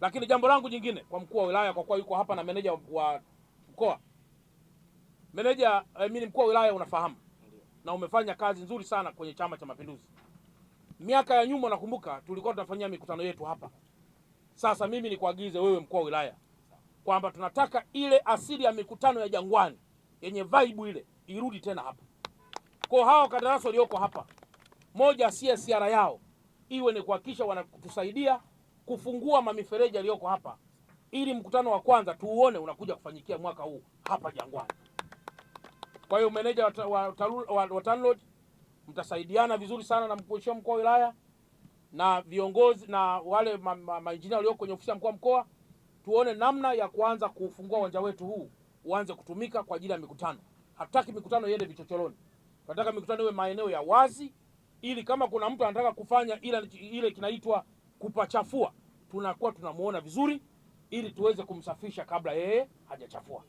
Lakini jambo langu jingine kwa mkuu wa wilaya, kwa kuwa yuko hapa na meneja wa mkoa, meneja eh, mimi mkuu wa wilaya unafahamu na umefanya kazi nzuri sana kwenye Chama cha Mapinduzi. Miaka ya nyuma nakumbuka tulikuwa tunafanyia mikutano yetu hapa. Sasa mimi nikuagize wewe mkuu wa wilaya kwamba tunataka ile asili ya mikutano ya Jangwani yenye vibe ile irudi tena hapa. Kwa hao kadarasi walioko hapa, moja siara yao iwe ni kuhakikisha wanatusaidia kufungua mamifereji aliyoko hapa ili mkutano wa kwanza tuuone unakuja kufanyikia mwaka huu hapa Jangwani. Kwa hiyo meneja wa, wa, wa, wa TANROADS mtasaidiana vizuri sana na mheshimiwa mkuu wa wilaya na viongozi na wale mainjinia walioko kwenye ofisi ya mkuu wa mkoa, tuone namna ya kuanza kufungua uwanja wetu huu uanze kutumika kwa ajili ya mikutano. Hataki mikutano iende vichochoroni, tunataka mikutano iwe maeneo ya wazi, ili kama kuna mtu anataka kufanya ile, ile kinaitwa kupachafua tunakuwa tunamwona vizuri, ili tuweze kumsafisha kabla yeye hajachafua.